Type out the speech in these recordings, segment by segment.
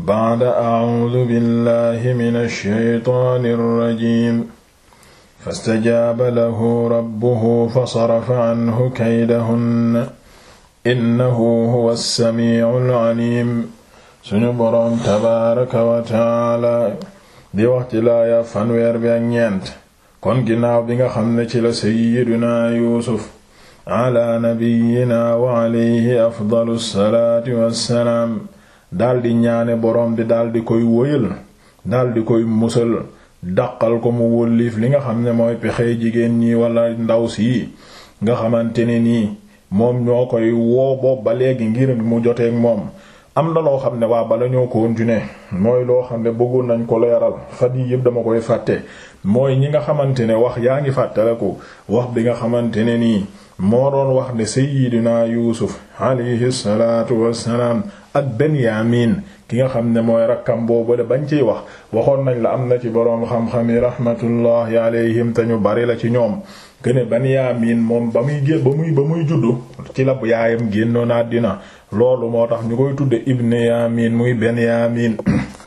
baada acuudu billahi min alsheytaani alrajim fastajaaba lahu rabbuhu fasarafa canhu kaydahunna innahu huwa alsamicu alalim suñu boroom tabaaraka wa taala di wax ci laaya fanweer bi ak ñeent kon ginnaaw bi nga xam ne ci la sayyidunaa yuusuf ala nabiyina wa alayhi afdalu salaati wassalaam daldi ñaane borom bi daldi koy wóyal daldi koy musal daqal ko mu wóllif li nga xam ne mooy pexe jigéen ñi wala ndaw si nga xamante ne nii moom ñoo koy woo boobu ba léegi ngir mu joteek moom am na loo xam ne waa bala ñoo continuer mooy loo xam ne bëggul nañ ko yaral fan yii yëpp dama koy fàtte mooy ñi nga xamante ne wax yaa ngi fàttale ko wax bi nga xamante ne nii moo doon wax ne sayyidina Yuusuf alayhi salaatu wassalaam ak Benyamin ki nga xam ne mooy rakkam boobu de bañ ciy wax waxoon nañ la am na ci boroom xam-xam yi rahmatullahi alayhim te ñu bari la ci ñoom gëne Benyamin moom ba muy ba muy ba muy juddu ci la yaayam génnoon àddina loolu moo tax ñu koy tudde ibn Yamin muy Benyamin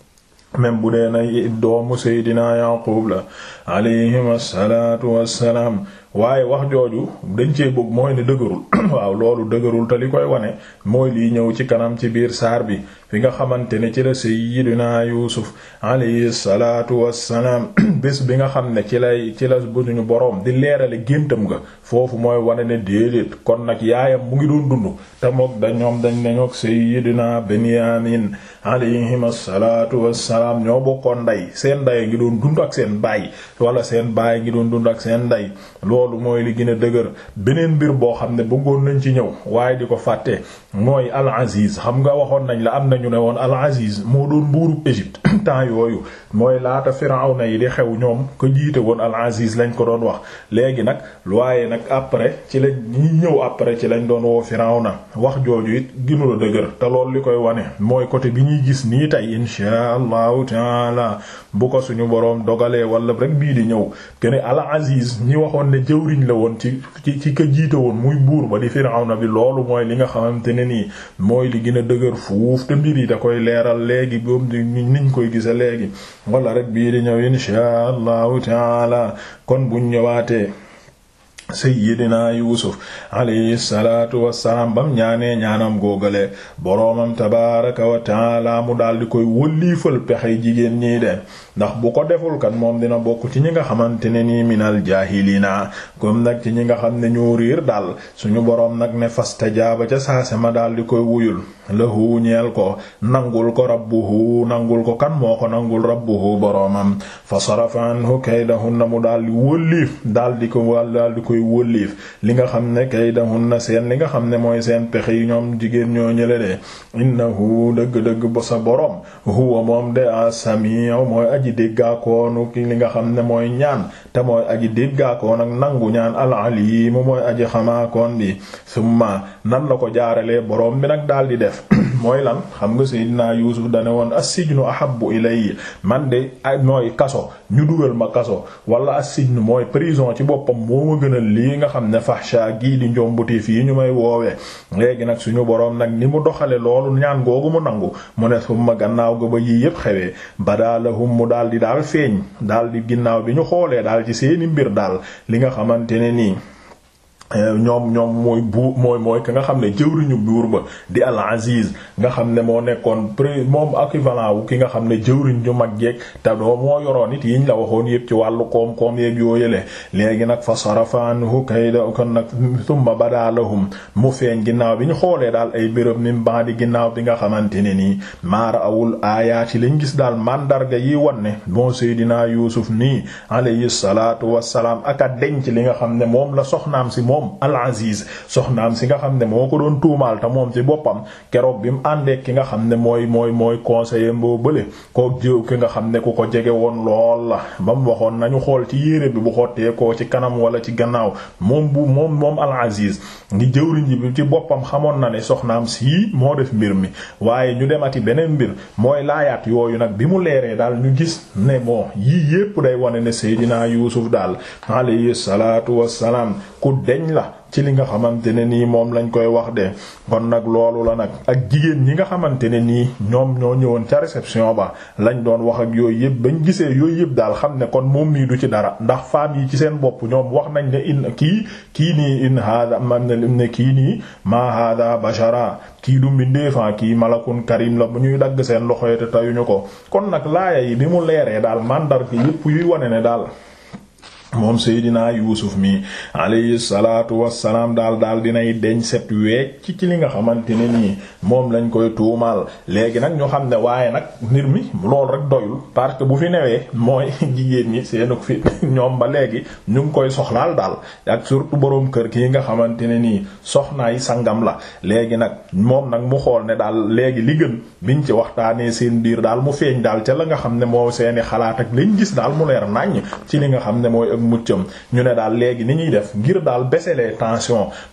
même bu dee nay doomu saydina Yaqub la alayhim assalaatu wassalaam waaye wax jooju dañ cee bëgg mooy ne dëgërul waaw loolu dëgërul te li koy wane mooy lii ñëw ci kanam ci biir saar bi fi nga xamante ne ci la sayyidina Yuusuf alayhi salaatu wassalaam bés bi nga xam ne ci lay ci la buñu boroom di leerale géntam nga foofu mooy wane ne déedéet kon nag yaayam mu ngi doon dund te mook da ñoom dañ ne ñook sayyidina Benyamin alayhim assalaatu wassalaam ñoo bokkoon ndey seen ndey ngi doon dund ak seen baay wala seen baay ngi doon dund ak seen ndey loolu mooy li gën a dëgër beneen mbir boo xam ne bëggoon nañ ci ñëw waaye di ko fàtte mooy al aziz xam nga waxoon nañ la am na ñu ne woon al Aziz moo doon buurub Égypte temps yooyu mooy laata Firawna yi di xew ñoom ko jiite woon al Aziz lañ ko doon wax léegi nag waaye nag après ci lañ ñi ñëw après ci lañ doon woo Firawna wax jooju it gënula dëgër te lool li koy wane mooy côté bi ñuy gis nii tey insha allahu taala bu ko suñu boroom dogalee wala rek bii di ñëw kene al Aziz ñi waxoon ne jëwriñ la woon ci ci ci ko jiite woon muy buur ba di Firawna bi loolu mooy li nga xamante ne nii mooy li gën a dëgër fuuf mbir da koy leeral léegi boom di niñ koy gisa léegi wala rek bii di ñëw inshaa allahu taala kon buñ ñëwaatee sayyidina yuusuf alayhi salaatu wassalaam bam ñaanee ñaanam góogale boroomam tabaaraka wa taala mu daal di koy wëlliifal pexey jigéen ñii de ndax bu ko deful kan moom dina bokk ci ñi nga xamante ne nii minal jaahiliina comme nag ñi nga xam ne ñoo riir daal suñu boroom nag ne fastajaaba ca saase ma daal di koy wuyul lahu ñeel ko nangul ko rabbuhu nangul ko kan moo ko nangul rabbuhu boroomam fa sarafa anhu kaydahunna mu daal di wëlliif koy koy li nga xam ne na seen li nga xam ne mooy seen pexe yi ñoom jigéen ñoo ñële na innahu dëgg-dëgg ba sa boroom huwa moom de asamiu mooy aji déggaakoonu li nga xam ne mooy ñaan te mooy aji déggaakoon ak nangu ñaan alalimu mooy aji xamaakoon bi summa nan la ko jaaralee boroom bi nag daldi def mooy lan xam nga Seydina Yuusuf dane woon as-sijnu ahabbu ilayya man de mooy kaso ñu dugal ma kaso wala as-sijnu mooy prison ci boppam moo ma gënal lii nga xam ne fahsha gii di njombuti fii ñu may woowee léegi nag suñu boroom nag ni mu doxale loolu ñaan googu mu nangu mu ne ma gannaaw ga ba yii yépp xewee badalahum mu daal di daal feeñ daal di ginnaaw bi ñu xoolee daal ci seeni mbir daal li nga xamante ne nii Euh, ñoom ñoom mooy bu mooy mooy ka nga xam ne jëwriñu buur ba di al aziz nga xam ne moo nekkoon prix moom équivalent wu ki nga xam ne jëwriñ ñu mag yeeg te doo moo yoroon yi yiñ la waxoon yëpp ci wàllu koom-koom yeeg yooyale léegi nag fa sarafa anhu kayda kon nag thumma bada lahum mu feeñ ginnaaw bi ñu xoolee daal ay béréb ni baa di ginnaaw bi nga xamante ne nii maara awul aayaat yi lañ gis daal màndarga yi wanne bon seydinaa yuusuf nii alayhi salaatu wassalaam ak li nga xam ne moom la soxnaam moom al soxnaam si nga xam ne moo ko doon tuumaal te moom ci boppam keroog bi mu àndee ki nga xam ne mooy mooy mooy conseiller boo bële koo jiw ki nga xam ne ku ko jege woon lool la ba mu waxoon nañu xool ci yére bi bu xottee koo ci kanam wala ci gannaaw moom bu moom moom al aziz ngi jëwriñ bi ci boppam xamoon na ne soxnaam sii moo def mbir mi waaye ñu demati beneen mbir mooy laayaat yooyu nag bi mu leeree daal ñu gis ne bon yii yépp day wane ne Seydina Yuusuf daal nañ la ci li nga xamante ne nii moom lañ koy wax de kon nag loolu la nag ak jigéen ñi nga xamante ne nii ñoom ñoo ñëwoon ca réception ba lañ doon wax ak yooyu yëpp bañ gisee yooyu yëpp daal xam ne kon moom mii du ci dara ndax femmes yi ci seen bopp ñoom wax nañ ne in kii kii nii in hada man na ne kii nii ma hada bashara kii du mbindeefan ah, kii malakun karim la bu ñuy dagg seen loxo te tayuñu ko kon nag laaya yi bi mu leeree daal màndarga yëpp yuy wane ne daal moom Seydina Yuusuf mii alayhi salaatu wassalaam daal daal dinay deñ set wecc ci li nga xamante ne nii moom lañ koy tuumaal léegi nag ñu xam ne waaye nag mbir mi loolu rek doyul parce que bu fi newee mooy jigéen ñi seenu fi ñoom ba léegi ñu ngi koy soxlaal daal ak surtout boroom kër ki nga xamante ne nii soxnaay sangam la léegi nag moom nag mu xool ne daal léegi li gën biñ ci waxtaanee seen biir daal mu feeñ daal ca la nga xam ne moo seeni xalaat ak lañ gis daal mu leer naññ ci li nga xam ne mooy muccam ñu ne daal léegi ni ñuy def ngir daal baisser les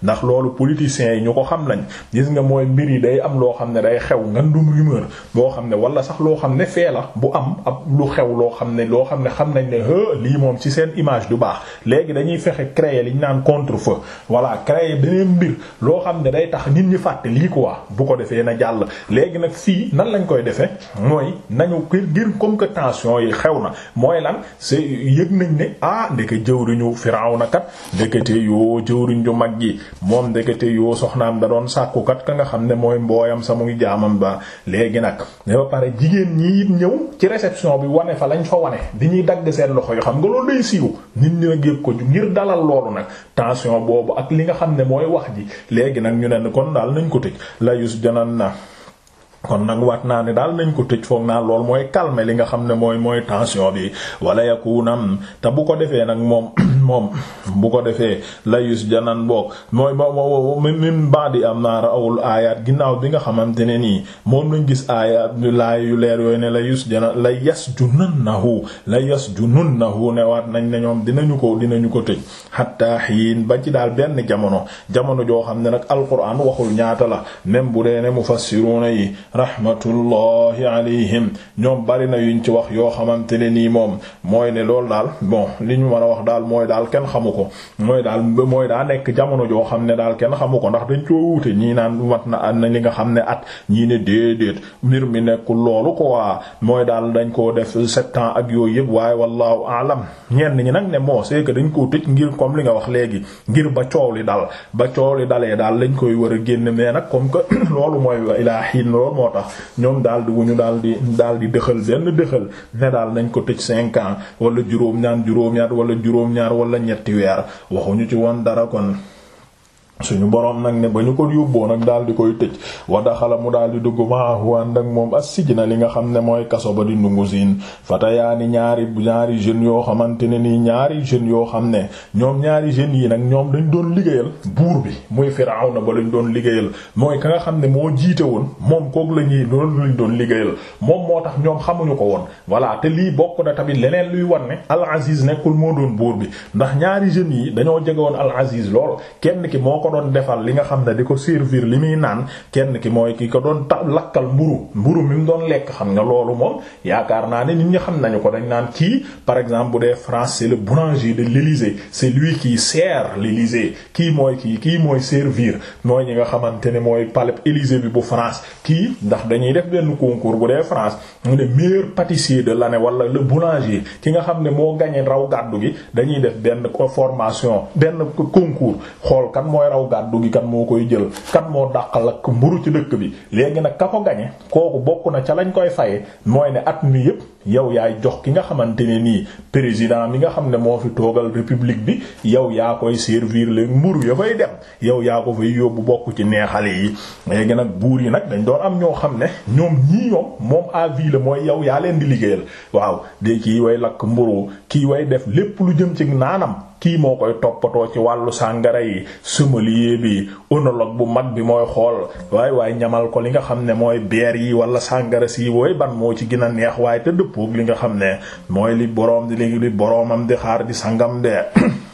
ndax loolu politiciens yi ñu ko xam lañ gis nga mooy mbir yi day am loo xam ne day xew ngan ngandum rumeur boo xam ne wala sax loo xam ne fee la bu am ab lu xew loo xam ne loo xam ne xam nañ ne lii moom ci seen image du baax léegi dañuy fexe créer li ñu naan contre-feu voilà créer beneen mbir loo xam ne day tax nit ñi fàtte lii quoi bu ko defee na jàll léegi nag fii nan lañ koy defee mooy nañu ngir comme que tension yi xew na mooy lan c'est yëg nañ ne ah ndeke jëwriñu na kat ndekete yoo jëwriñ yu mag ji moom ndekete yoo soxnaam da doon sàkku ka nga xam ne mooy mbooyam sa mu ngi jaamam ba léegi nag ba pare jigéen ñi it ñëw ci réception bi wane fa lañ fa wane di ñuy dagg seen loxo yu xam nga loolu day siiw nit ñi nag ko ngir dalal loolu nag tension boobu ak li nga xam ne mooy wax ji léegi nag ñu ne kon daal nañ ko tëj layus janan naa kon nag waat naa ne daal nañ ko tëj foog naa lool mooy calmer li nga xam ne mooy mooy tension bi wala yakunam te bu ko defee nag moom moom bu ko defee layus janan boog mooy ba min badi am naa rawul aayaat ginnaaw bi nga xamante ne nii moom lañ gis aaya laay yu leer yooyu ne la layus janan la yas junannahu la yas junannahu ne waat nañ ne ñoom dinañu ko dinañu ko tëj hatta hiin ba ci daal benn jamono jamono joo xam ne nag alquran waxul ñaata la même bu dee ne mufassiruna yi rahmatullahi alayhim ñoom bari na yu ñu ci wax yoo xamante ne nii moom mooy ne loolu daal bon li ñu mën a wax daal mooy daal kenn xamu ko mooy daal mooy daa nekk jamono joo xam ne daal kenn xamu ko ndax dañ koo wuute ñii naan wat na am na li nga xam ne at ñii ne déedéet mbir mi nekkul loolu waa mooy daal dañ koo def sept ans ak yooyu yëpp waaye wallahu alam ñenn ñi nag ne moo c'est que dañ koo tëj ngir comme li nga wax léegi ngir ba coow li dal ba coow li dalee daal lañ koy war a génn mais nag comme que loolu mooy ilaa hiin loolu moo tax ñoom daal di ñu daal di daal di dëxal benn dëxal ne daal nañ ko tëj cinq ans wala juróom ñaan juróom-ñaar wala juróom-ñaar wala ñetti weer ñu ci woon dara kon suñu boroom nag ne ba ñu ko yóbboo nag daal di koy tëj wa daxala mu daal di dugg maahu ànd ak moom as na li nga xam ne mooy kaso ba di ndungu siin fatayaani ñaari ñaari jeunes yoo xamante ne nii ñaari jeunes yoo xam ne ñoom ñaari jeunes yi nag ñoom dañ doon liggéeyal buur bi muy Firawna ba lañ doon liggéeyal mooy ka nga xam ne moo jiite woon moom kook la ñuy loolu lañ doon liggéeyal moom moo tax ñoom xamuñu ko woon voilà te lii bokk na tamit leneen luy wan ne Al Aziz nekkul moo doon buur bi ndax ñaari jeunes yi dañoo jege woon Al Aziz lool kenn ki moo ko doon defal li nga xam ne di ko servir li muy naan kenn ki mooy ki ko doon ta lakkal mburu mburu mi mu doon lekk xam nga loolu moom yaakaar naa ne nit ñi xam nañu ko dañ naan kii par exemple bu dee France c'est le boulanger de l'Élysée c'est lui kii sert l'Élysée kii mooy kii kii mooy servir mooy ñi nga xamante ne mooy palais Élysée bi bu France kii ndax dañuy def benn concours bu dee France mu ne meilleur pâtissier de l'année wala le boulanger ki nga xam ne moo gagné raw gàddu gi dañuy def benn formation benn raw gàddu gi kan moo koy jël kan moo dàq lakk mburu ci dëkk bi léegi nag ka ko gañe kooku bokk na ca lañ koy faye mooy ne at mi yépp yow yaa jox ki nga xamante ne nii président mi nga xam ne moo fi toogal république bi yow yaa koy servir leen mburu ya fay dem yow yaa ko fay yóbbu bokk ci neexale yi léegi nag buur yi nag dañ doon am ñoo xam ne ñoom ñii ñoom moom à mooy yow yaa leen di liggéeyal waaw de kii way lakk mburu kii way def lépp lu jëm ci naanam kii moo koy toppatoo ci wàllu sàngara yi sommelier bi œnologue bu mag bi mooy xool waaye waaye ñamal ko li nga xam ne mooy beer yi wala sàngara si wooy ban moo ci gën a neex waaye te dëppook li nga xam ne mooy li boroom di li boroomam di xaar di sangam de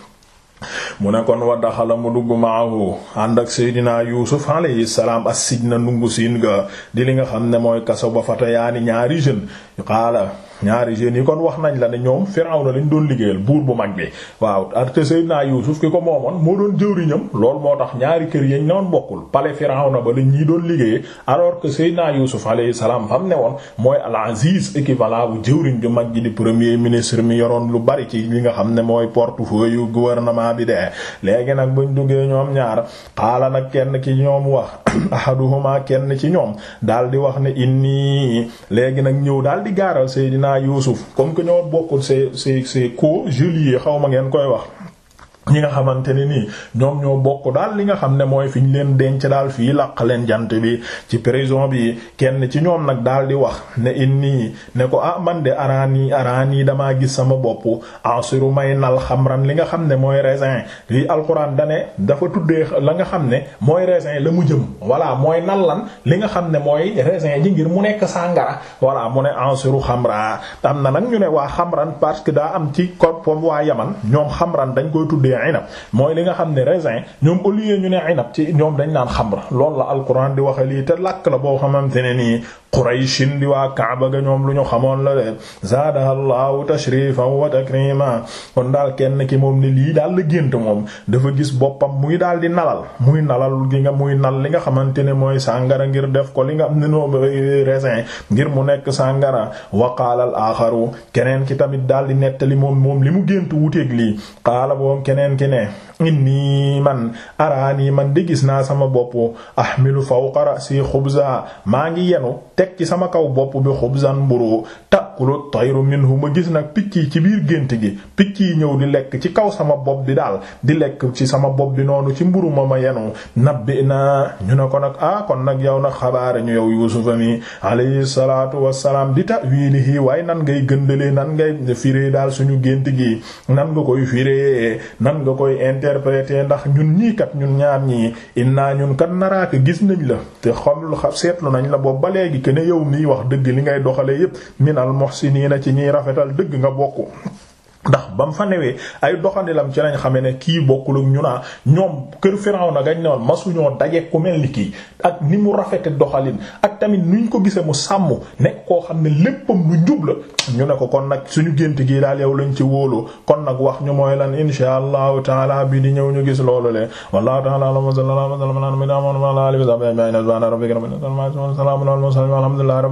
mu ne kon wa daxala mu dugg maahu ànd ak seydinaa yuusuf alayhi salaam as-sijna ndungu siin ga di li nga xam ne mooy kaso ba fata yaani ñaari jeune xaala ñaari jeunes yi kon wax nañ la ne ñoom Firawna lañ doon liggéeyal buur bu mag bi waaw arte Seydina Yuusuf ki ko moomoon moo doon jëwriñam lool moo tax ñaari kër yañ newoon bokkul palais Firawna ba la ñii doon liggéeyee alors que Seydina Yuusuf alayhi salaam fam ne woon mooy al-Aziz équivalent bu jëwriñ ju mag di premier ministre mi yoroon lu bari ci nga mooy portefeuille ginnaaw bi dee léegi nag buñ duggee ñoom ñaar xaala nag kenn ki ñoom wax ahaduhuma kenn ci ñoom daal di wax ne inni léegi nag ñëw daal di gaaral Seydina Yuusuf comme que ñoo bokkul c'est c'est c'est co julie xaw ma ngeen koy wax ñi nga xamante ne nii ñoom ñoo bokk daal li nga xam ne mooy fi ñu leen denc daal fii laq leen jant bi ci prison bi kenn ci ñoom nag daal di wax ne nii ne ko ah man de araani araani damaa gis sama bopp asiru may nal xamran li nga xam ne mooy raisin li alxuraan dafa tuddee la nga xam ne mooy raisin la mu jëm voilà mooy nal lan li nga xam ne mooy raisin ji ngir mu nekk sàngara voilà mu ne asiru xamra am na nag ñu ne waa xamran parce que daa am ci comme waa yaman ñoom xamran dañ koy tuddee inab mooy li nga xam ne raisin ñoom au lieu ñu ne inab ci ñoom dañ naan xamr loolu la alquran di waxe lii te làkk la boo xamante ne nii qurayshin di waa kaaba ñoom lu ñu xamoon la de zaadaha llahu tashrifan wa takrima kon daal kenn ki moom ne lii daal la gént moom dafa gis boppam muy daal di nalal muy nalal gi nga muy nal li nga xamante ne mooy sàngara ngir def ko li nga xam ne noo raisin ngir mu nekk sàngara wa kaala al axaru keneen ki tamit daal di nettali moom moom li mu gént wuteeg lii qaala boom keneen keneen ki ne inni man araani man di gis naa sama bopp milu ahmilu fawqa ra'si xubza maa ngi yenu teg ci sama kaw bopp bi xubzan mburu takulu tayru minhu ma gis nag picc yi ci biir gént gi picc yi ñëw di lekk ci kaw sama bopp bi daal di lekk ci sama bopp bi noonu ci mburu ma ma yenu nabbi naa ñu ne ko nag ah kon nag yow nag xabaare ñu yow yusufa mi alayhi salaatu wassalaam di ta'wilihi waaye nan ngay gëndalee nan ngay firee daal suñu gént gi nan nga koy firee interpréter ndax ñun nii kat ñun ñaar ñii innaa ñun kat naraaka gis nañ la te xamul xam seetlu nañ la boobu ba léegi que ne yow miy wax dëgg li ngay doxalee yépp minal na ci ñuy rafetal dëgg nga bokku ndax ba mu fa newee ay doxandilam ci lañ xamee ne kii bokkul ak ñu naa ñoom kër Firawna gañ ne woon masuñoo daje ku mel ni kii ak ni mu rafete doxalin ak tamit nuñ ko gisee mu sàmm nekk koo xam ne léppam lu njub la ñu ne ko kon nag suñu gént gii daal yow lañ ci wóolu kon nag wax ñu mooy lan insha allahu taala bi di ñëw ñu gis loolu le wallahu taala allahumma sallallahu alaihi wa sallam ala alihi wa